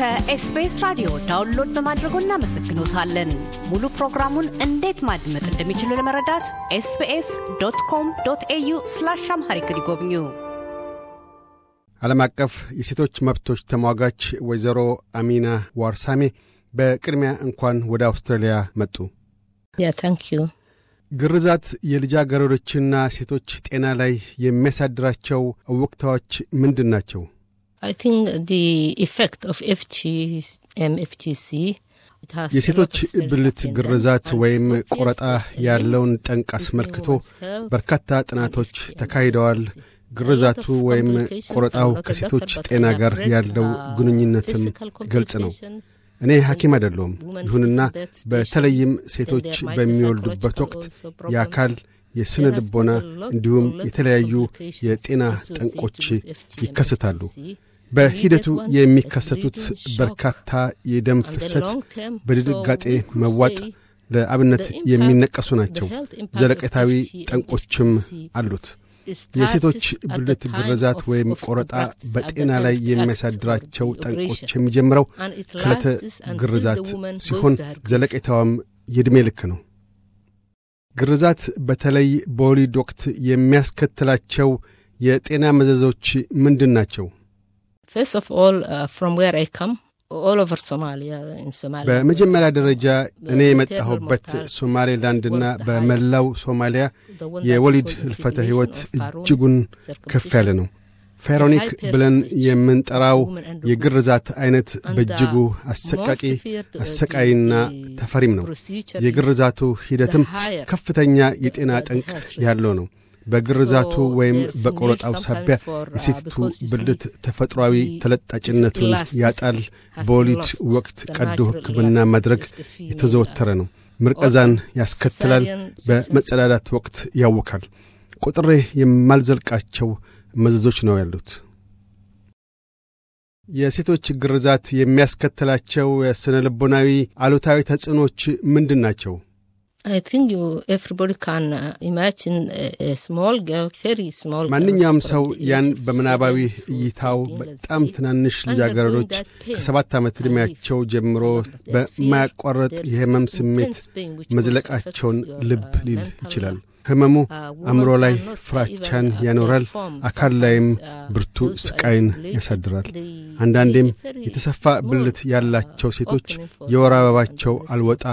ከኤስቢኤስ ራዲዮ ዳውንሎድ በማድረጎ እናመሰግኖታለን። ሙሉ ፕሮግራሙን እንዴት ማድመጥ እንደሚችሉ ለመረዳት ኤስቢኤስ ዶት ኮም ዶት ኤዩ ስላሽ አምሃሪክ ይጎብኙ። ዓለም አቀፍ የሴቶች መብቶች ተሟጋች ወይዘሮ አሚና ዋርሳሜ በቅድሚያ እንኳን ወደ አውስትራሊያ መጡ። ያ ታንክ ግርዛት የልጃገረዶችና ሴቶች ጤና ላይ የሚያሳድራቸው እውቅታዎች ምንድን ናቸው? ኢፌክት ኦፍ ኤፍጂሲ የሴቶች ብልት ግርዛት ወይም ቆረጣ ያለውን ጠንቅ አስመልክቶ በርካታ ጥናቶች ተካሂደዋል። ግርዛቱ ወይም ቆረጣው ከሴቶች ጤና ጋር ያለው uh, ግንኙነትም ግልጽ ነው። እኔ ሐኪም አይደለሁም። ይሁንና በተለይም ሴቶች በሚወልዱበት ወቅት የአካል የስነ ልቦና እንዲሁም የተለያዩ የጤና ጠንቆች ይከሰታሉ። በሂደቱ የሚከሰቱት በርካታ የደም ፍሰት፣ በድንጋጤ መዋጥ ለአብነት የሚነቀሱ ናቸው። ዘለቀታዊ ጠንቆችም አሉት። የሴቶች ብልት ብረዛት ወይም ቆረጣ በጤና ላይ የሚያሳድራቸው ጠንቆች የሚጀምረው ከዕለተ ግርዛት ሲሆን ዘለቄታዋም የዕድሜ ልክ ነው። ግርዛት በተለይ በወሊድ ወቅት የሚያስከትላቸው የጤና መዘዞች ምንድን ናቸው? Uh, በመጀመሪያ ደረጃ እኔ የመጣሁበት ሶማሌላንድና በመላው ሶማሊያ የወሊድ ህልፈተ ህይወት እጅጉን ከፍ ያለ ነው ፌሮኒክ ብለን የምንጠራው የግርዛት አይነት በእጅጉ አሰቃቂ uh, አሰቃይና ተፈሪም ነው የግርዛቱ ሂደትም ከፍተኛ የጤና ጠንቅ ያለው ነው በግርዛቱ ወይም በቆረጣው ሳቢያ uh, የሴቲቱ ብልት ተፈጥሯዊ ተለጣጭነቱን ያጣል። በወሊድ ወቅት ቀዶ ሕክምና ማድረግ የተዘወተረ ነው። ምርቀዛን ያስከትላል። በመጸዳዳት ወቅት ያውካል። ቁጥሬ የማልዘልቃቸው መዘዞች ነው ያሉት። የሴቶች ግርዛት የሚያስከትላቸው የሥነ ልቦናዊ አሉታዊ ተጽዕኖች ምንድን ናቸው? Uh, ማንኛውም ሰው ያን በምናባዊ እይታው በጣም ትናንሽ ልጃገረዶች ከሰባት ዓመት ዕድሜያቸው ጀምሮ በማያቋረጥ የህመም ስሜት መዝለቃቸውን ልብ uh, ሊል ይችላል። ህመሙ አእምሮ ላይ ፍራቻን ያኖራል፣ አካል ላይም ብርቱ ስቃይን ያሳድራል። አንዳንዴም የተሰፋ ብልት ያላቸው ሴቶች የወር አበባቸው አልወጣ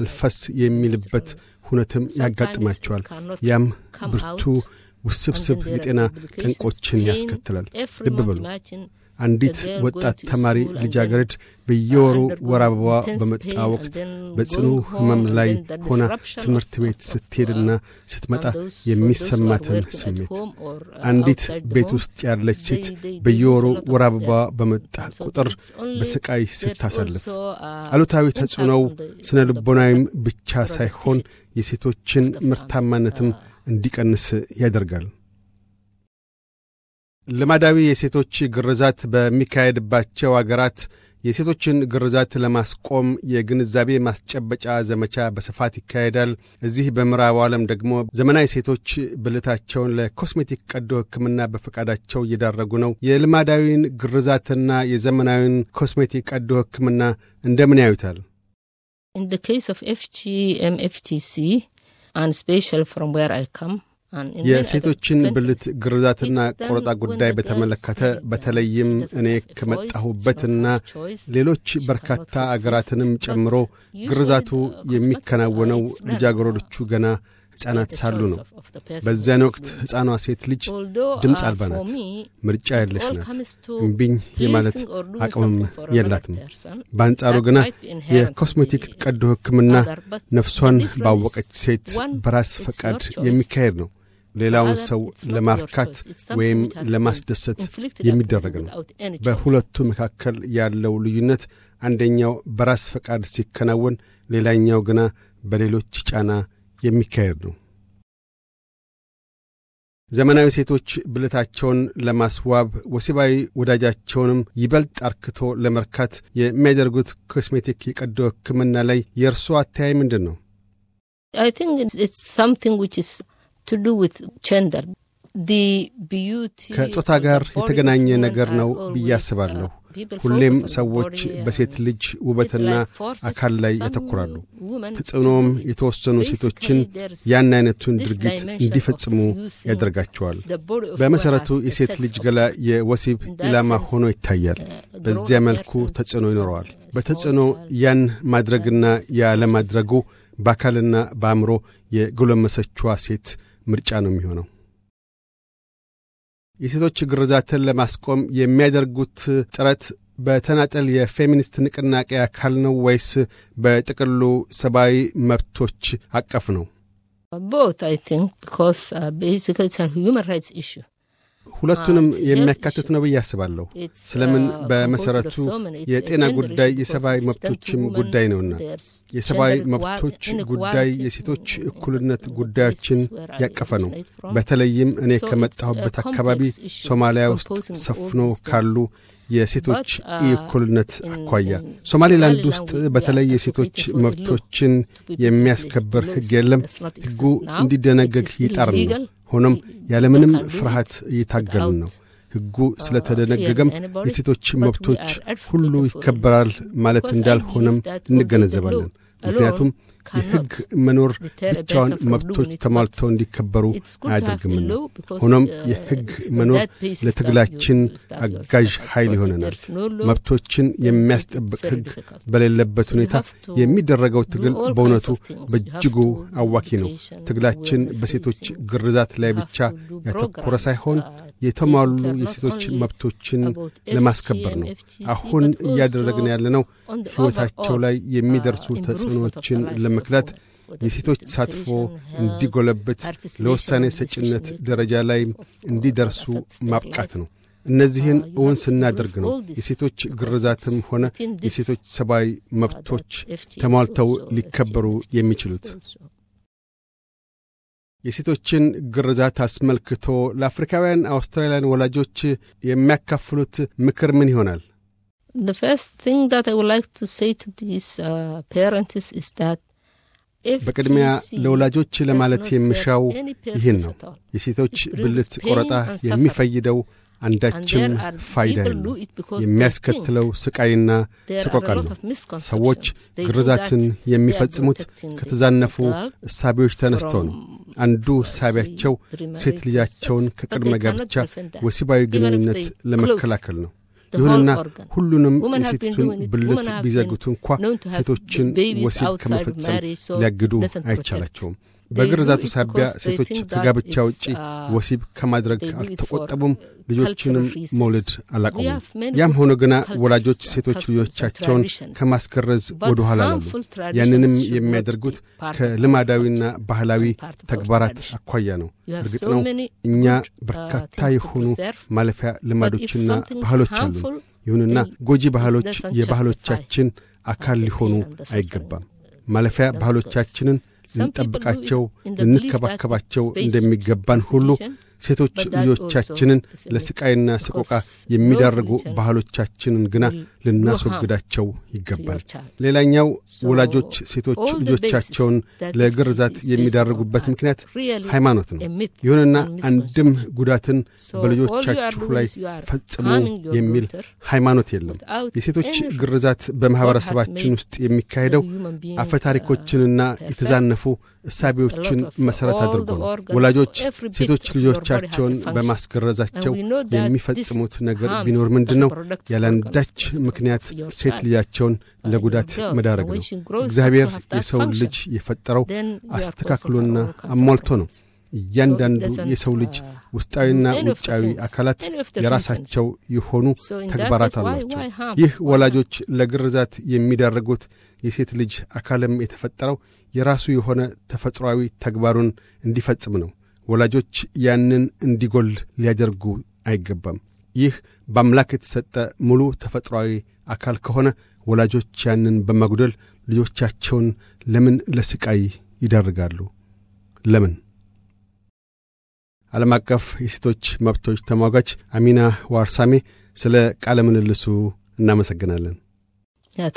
አልፈስ የሚልበት ሁነትም ያጋጥማቸዋል። ያም ብርቱ ውስብስብ የጤና ጠንቆችን ያስከትላል። ልብ በሉ አንዲት ወጣት ተማሪ ልጃገረድ በየወሩ ወር አበባዋ በመጣ ወቅት በጽኑ ሕመም ላይ ሆና ትምህርት ቤት ስትሄድና ስትመጣ የሚሰማትን ስሜት፣ uh, አንዲት ቤት ውስጥ ያለች ሴት በየወሩ ወር አበባዋ በመጣ ቁጥር በስቃይ ስታሳልፍ፣ uh, አሉታዊ ተጽዕኖው ስነ ልቦናዊም ብቻ ሳይሆን የሴቶችን ምርታማነትም uh, እንዲቀንስ ያደርጋል። ልማዳዊ የሴቶች ግርዛት በሚካሄድባቸው አገራት የሴቶችን ግርዛት ለማስቆም የግንዛቤ ማስጨበጫ ዘመቻ በስፋት ይካሄዳል። እዚህ በምዕራቡ ዓለም ደግሞ ዘመናዊ ሴቶች ብልታቸውን ለኮስሜቲክ ቀዶ ሕክምና በፈቃዳቸው እየዳረጉ ነው። የልማዳዊን ግርዛትና የዘመናዊን ኮስሜቲክ ቀዶ ሕክምና እንደምን ያዩታል? In the case of አይካም የሴቶችን ብልት ግርዛትና ቆረጣ ጉዳይ በተመለከተ በተለይም እኔ ከመጣሁበትና ሌሎች በርካታ አገራትንም ጨምሮ ግርዛቱ የሚከናወነው ልጃገረዶቹ ገና ሕፃናት ሳሉ ነው። በዚያን ወቅት ሕፃኗ ሴት ልጅ ድምፅ uh, አልባ ናት፣ ምርጫ የለሽ ናት፣ እምቢኝ የማለት አቅምም የላትም። በአንጻሩ ግና የኮስሜቲክ ቀዶ ሕክምና ነፍሷን ባወቀች ሴት በራስ ፈቃድ የሚካሄድ ነው። ሌላውን ሰው ለማርካት ወይም ለማስደሰት የሚደረግ ነው። በሁለቱ መካከል ያለው ልዩነት አንደኛው በራስ ፈቃድ ሲከናወን፣ ሌላኛው ግና በሌሎች ጫና የሚካሄድ ነው። ዘመናዊ ሴቶች ብልታቸውን ለማስዋብ ወሲባዊ ወዳጃቸውንም ይበልጥ አርክቶ ለመርካት የሚያደርጉት ኮስሜቲክ የቀዶ ሕክምና ላይ የእርሶ አተያይ ምንድን ነው? ከጾታ ጋር የተገናኘ ነገር ነው ብዬ አስባለሁ። uh, ሁሌም ሰዎች uh, በሴት ልጅ ውበትና አካል ላይ ያተኩራሉ። ተጽዕኖም የተወሰኑ ሴቶችን ያን አይነቱን ድርጊት እንዲፈጽሙ ያደርጋቸዋል። በመሠረቱ የሴት ልጅ ገላ የወሲብ ኢላማ ሆኖ ይታያል። uh, በዚያ መልኩ ተጽዕኖ ይኖረዋል። በተጽዕኖ ያን ማድረግና ያለማድረጉ በአካልና በአእምሮ የጎለመሰችዋ ሴት ምርጫ ነው የሚሆነው። የሴቶች ግርዛትን ለማስቆም የሚያደርጉት ጥረት በተናጠል የፌሚኒስት ንቅናቄ አካል ነው ወይስ በጥቅሉ ሰብአዊ መብቶች አቀፍ ነው? ሁለቱንም uh, የሚያካትት ነው ብዬ አስባለሁ። ስለምን uh, በመሠረቱ የጤና ጉዳይ የሰብአዊ መብቶችም ጉዳይ ነውና የሰብአዊ መብቶች ጉዳይ የሴቶች እኩልነት ጉዳዮችን ያቀፈ ነው። በተለይም እኔ ከመጣሁበት አካባቢ ሶማሊያ ውስጥ ሰፍኖ ካሉ የሴቶች uh, እኩልነት አኳያ ሶማሌላንድ ውስጥ በተለይ የሴቶች መብቶችን የሚያስከብር ሕግ የለም። ሕጉ እንዲደነገግ ይጣር ነው። ሆኖም ያለምንም ፍርሃት እየታገልን ነው። ሕጉ uh, ስለተደነገገም የሴቶች መብቶች ሁሉ ይከበራል ማለት እንዳልሆነም እንገነዘባለን። ምክንያቱም የህግ መኖር ብቻውን መብቶች ተሟልተው እንዲከበሩ አያደርግምና። ሆኖም uh, የህግ መኖር ለትግላችን አጋዥ ኃይል ይሆነናል። መብቶችን የሚያስጠብቅ ህግ በሌለበት ሁኔታ የሚደረገው ትግል በእውነቱ በእጅጉ አዋኪ ነው። ትግላችን በሴቶች ግርዛት ላይ ብቻ ያተኮረ ሳይሆን uh, የተሟሉ የሴቶች መብቶችን ለማስከበር ነው። አሁን እያደረግን ያለነው ሕይወታቸው ላይ uh, የሚደርሱ ተጽዕኖዎችን ለመክላት የሴቶች ተሳትፎ እንዲጎለበት፣ ለውሳኔ ሰጭነት ደረጃ ላይ እንዲደርሱ ማብቃት ነው። uh, እነዚህን እውን ስናደርግ ነው የሴቶች ግርዛትም ሆነ የሴቶች ሰብአዊ መብቶች ተሟልተው uh, ሊከበሩ የሚችሉት። የሴቶችን ግርዛት አስመልክቶ ለአፍሪካውያን አውስትራሊያን ወላጆች የሚያካፍሉት ምክር ምን ይሆናል? Uh, በቅድሚያ ለወላጆች ለማለት የምሻው ይህን ነው። የሴቶች ብልት ቆረጣ የሚፈይደው አንዳችም ፋይዳ የለው። የሚያስከትለው ስቃይና ሰቆቃ ነው። ሰዎች ግርዛትን የሚፈጽሙት ከተዛነፉ እሳቤዎች ተነስተው ነው። አንዱ ሳቢያቸው ሴት ልጃቸውን ከቅድመ ጋብቻ ወሲባዊ ግንኙነት ለመከላከል ነው። ይሁንና ሁሉንም የሴቲቱን ብልት ቢዘጉት እንኳ ሴቶችን ወሲብ ከመፈጸም ሊያግዱ አይቻላቸውም። በግርዛቱ ሳቢያ ሴቶች ከጋብቻ ውጪ uh, ወሲብ ከማድረግ አልተቆጠቡም፣ ልጆችንም መውለድ አላቆሙም። ያም ሆኖ ግና ወላጆች ሴቶች ልጆቻቸውን ከማስገረዝ ወደ ኋላ አላሉ። ያንንም የሚያደርጉት ከልማዳዊና ባህላዊ ተግባራት አኳያ ነው። እርግጥ ነው እኛ uh, በርካታ የሆኑ ማለፊያ ልማዶችና ባህሎች አሉ። ይሁንና ጎጂ ባህሎች የባህሎቻችን አካል ሊሆኑ አይገባም። ማለፊያ ባህሎቻችንን ልንጠብቃቸው፣ ልንከባከባቸው እንደሚገባን ሁሉ ሴቶች ልጆቻችንን ለስቃይና ስቆቃ የሚዳርጉ ባህሎቻችንን ግና ልናስወግዳቸው ይገባል። ሌላኛው ወላጆች ሴቶች ልጆቻቸውን ለግርዛት የሚዳርጉበት ምክንያት ሃይማኖት ነው። ይሁንና አንድም ጉዳትን በልጆቻችሁ ላይ ፈጽሙ የሚል ሃይማኖት የለም። የሴቶች ግርዛት በማኅበረሰባችን ውስጥ የሚካሄደው አፈታሪኮችንና uh, የተዛነፉ እሳቢዎችን መሠረት አድርጎ ነው። ወላጆች ሴቶች ልጆች ልጆቻቸውን በማስገረዛቸው የሚፈጽሙት ነገር ቢኖር ምንድን ነው? ያለንዳች ምክንያት ሴት ልጃቸውን ለጉዳት መዳረግ ነው። እግዚአብሔር የሰው ልጅ የፈጠረው አስተካክሎና አሟልቶ ነው። እያንዳንዱ የሰው ልጅ ውስጣዊና ውጫዊ አካላት የራሳቸው የሆኑ ተግባራት አሏቸው። ይህ ወላጆች ለግርዛት የሚዳረጉት የሴት ልጅ አካልም የተፈጠረው የራሱ የሆነ ተፈጥሯዊ ተግባሩን እንዲፈጽም ነው። ወላጆች ያንን እንዲጎል ሊያደርጉ አይገባም። ይህ በአምላክ የተሰጠ ሙሉ ተፈጥሯዊ አካል ከሆነ ወላጆች ያንን በማጉደል ልጆቻቸውን ለምን ለስቃይ ይዳርጋሉ? ለምን? ዓለም አቀፍ የሴቶች መብቶች ተሟጋች አሚና ዋርሳሜ ስለ ቃለ ምልልሱ እናመሰግናለን።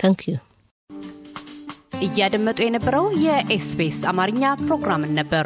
ታንክ ዩ። እያደመጡ የነበረው የኤስቢኤስ አማርኛ ፕሮግራምን ነበር።